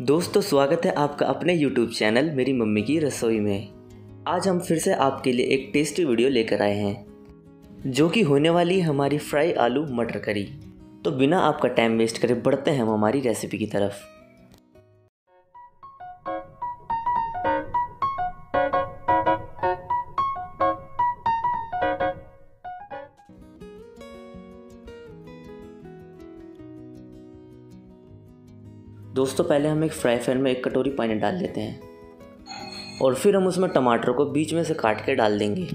दोस्तों स्वागत है आपका अपने YouTube चैनल मेरी मम्मी की रसोई में आज हम फिर से आपके लिए एक टेस्टी वीडियो लेकर आए हैं जो कि होने वाली है हमारी फ्राई आलू मटर करी तो बिना आपका टाइम वेस्ट करे बढ़ते हैं हम हमारी रेसिपी की तरफ दोस्तों पहले हम एक फ्राई पैन में एक कटोरी पानी डाल लेते हैं और फिर हम उसमें टमाटर को बीच में से काट के डाल देंगे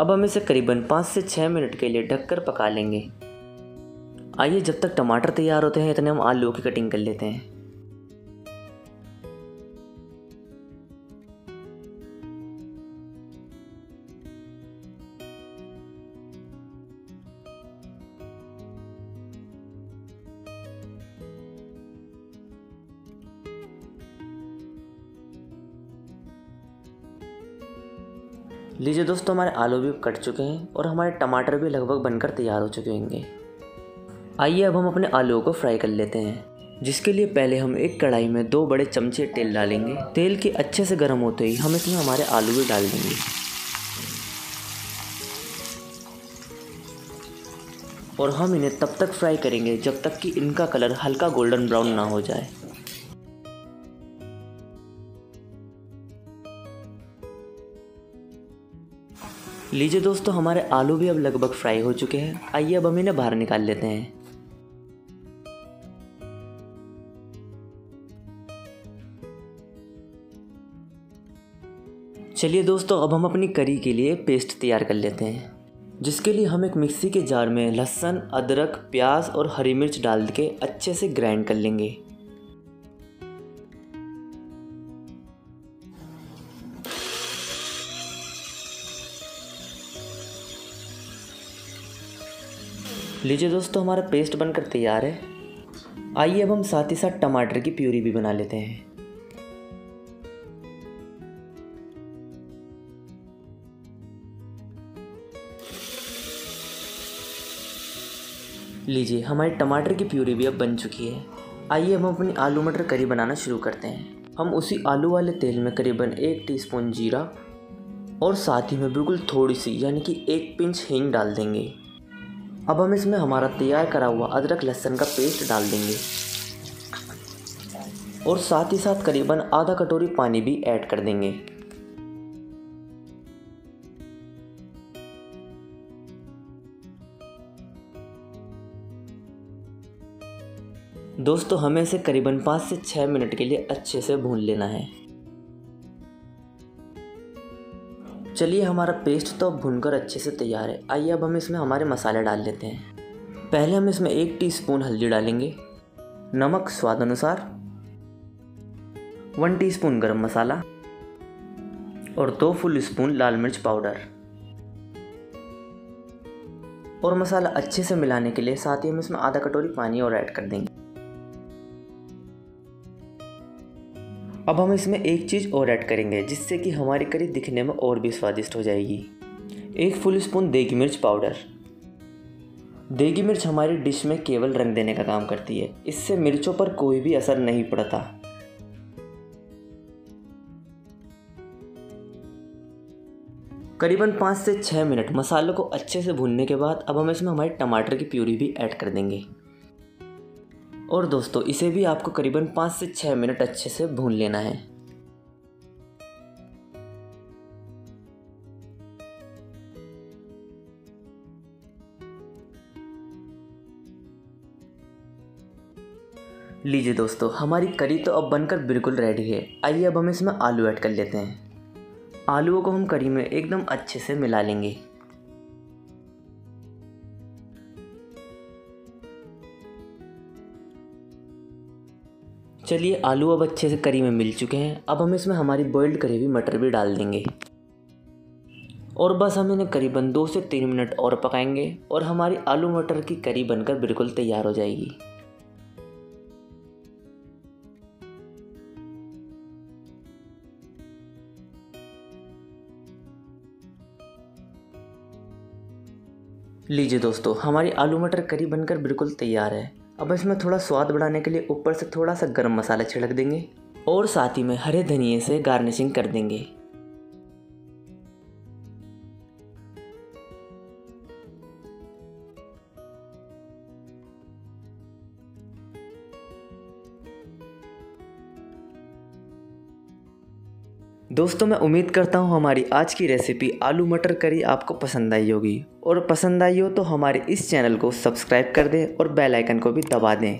अब हम इसे करीबन पाँच से छः मिनट के लिए ढककर पका लेंगे आइए जब तक टमाटर तैयार होते हैं इतने हम आलू की कटिंग कर लेते हैं लीजिए दोस्तों हमारे आलू भी कट चुके हैं और हमारे टमाटर भी लगभग बनकर तैयार हो चुके होंगे आइए अब हम अपने आलू को फ्राई कर लेते हैं जिसके लिए पहले हम एक कढ़ाई में दो बड़े चमचे तेल डालेंगे तेल के अच्छे से गर्म होते ही हम इसमें हमारे आलू भी डाल देंगे और हम इन्हें तब तक फ्राई करेंगे जब तक कि इनका कलर हल्का गोल्डन ब्राउन ना हो जाए लीजिए दोस्तों हमारे आलू भी अब लगभग फ्राई हो चुके हैं आइए अब हम इन्हें बाहर निकाल लेते हैं चलिए दोस्तों अब हम अपनी करी के लिए पेस्ट तैयार कर लेते हैं जिसके लिए हम एक मिक्सी के जार में लहसुन अदरक प्याज और हरी मिर्च डाल के अच्छे से ग्राइंड कर लेंगे लीजिए दोस्तों हमारा पेस्ट बनकर तैयार है आइए अब हम साथ ही साथ टमाटर की प्यूरी भी बना लेते हैं लीजिए हमारी टमाटर की प्यूरी भी अब बन चुकी है आइए हम अपनी आलू मटर करी बनाना शुरू करते हैं हम उसी आलू वाले तेल में करीबन एक टीस्पून जीरा और साथ ही में बिल्कुल थोड़ी सी यानी कि एक पिंच हींग डाल देंगे अब हम इसमें हमारा तैयार करा हुआ अदरक लहसुन का पेस्ट डाल देंगे और साथ ही साथ करीबन आधा कटोरी पानी भी ऐड कर देंगे दोस्तों हमें इसे करीबन पाँच से छः मिनट के लिए अच्छे से भून लेना है चलिए हमारा पेस्ट तो अब भुनकर अच्छे से तैयार है आइए अब हम इसमें हमारे मसाले डाल लेते हैं पहले हम इसमें एक टीस्पून हल्दी डालेंगे नमक स्वाद अनुसार वन टीस्पून गरम मसाला और दो फुल स्पून लाल मिर्च पाउडर और मसाला अच्छे से मिलाने के लिए साथ ही हम इसमें आधा कटोरी पानी और ऐड कर देंगे अब हम इसमें एक चीज़ और ऐड करेंगे जिससे कि हमारी करी दिखने में और भी स्वादिष्ट हो जाएगी एक फुल स्पून देगी मिर्च पाउडर देगी मिर्च हमारी डिश में केवल रंग देने का काम करती है इससे मिर्चों पर कोई भी असर नहीं पड़ता करीबन पाँच से छः मिनट मसालों को अच्छे से भूनने के बाद अब हम इसमें हमारे टमाटर की प्यूरी भी ऐड कर देंगे और दोस्तों इसे भी आपको करीबन पाँच से छः मिनट अच्छे से भून लेना है लीजिए दोस्तों हमारी करी तो अब बनकर बिल्कुल रेडी है आइए अब हम इसमें आलू ऐड कर लेते हैं आलूओं को हम करी में एकदम अच्छे से मिला लेंगे चलिए आलू अब अच्छे से करी में मिल चुके हैं अब हम इसमें हमारी बॉइल्ड करी हुई मटर भी डाल देंगे और बस हम इन्हें करीबन दो से तीन मिनट और पकाएंगे और हमारी आलू मटर की करी बनकर बिल्कुल तैयार हो जाएगी लीजिए दोस्तों हमारी आलू मटर करी बनकर बिल्कुल तैयार है अब इसमें थोड़ा स्वाद बढ़ाने के लिए ऊपर से थोड़ा सा गर्म मसाला छिड़क देंगे और साथ ही में हरे धनिए से गार्निशिंग कर देंगे दोस्तों मैं उम्मीद करता हूँ हमारी आज की रेसिपी आलू मटर करी आपको पसंद आई होगी और पसंद आई हो तो हमारे इस चैनल को सब्सक्राइब कर दें और बेल आइकन को भी दबा दें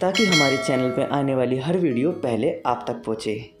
ताकि हमारे चैनल पर आने वाली हर वीडियो पहले आप तक पहुँचे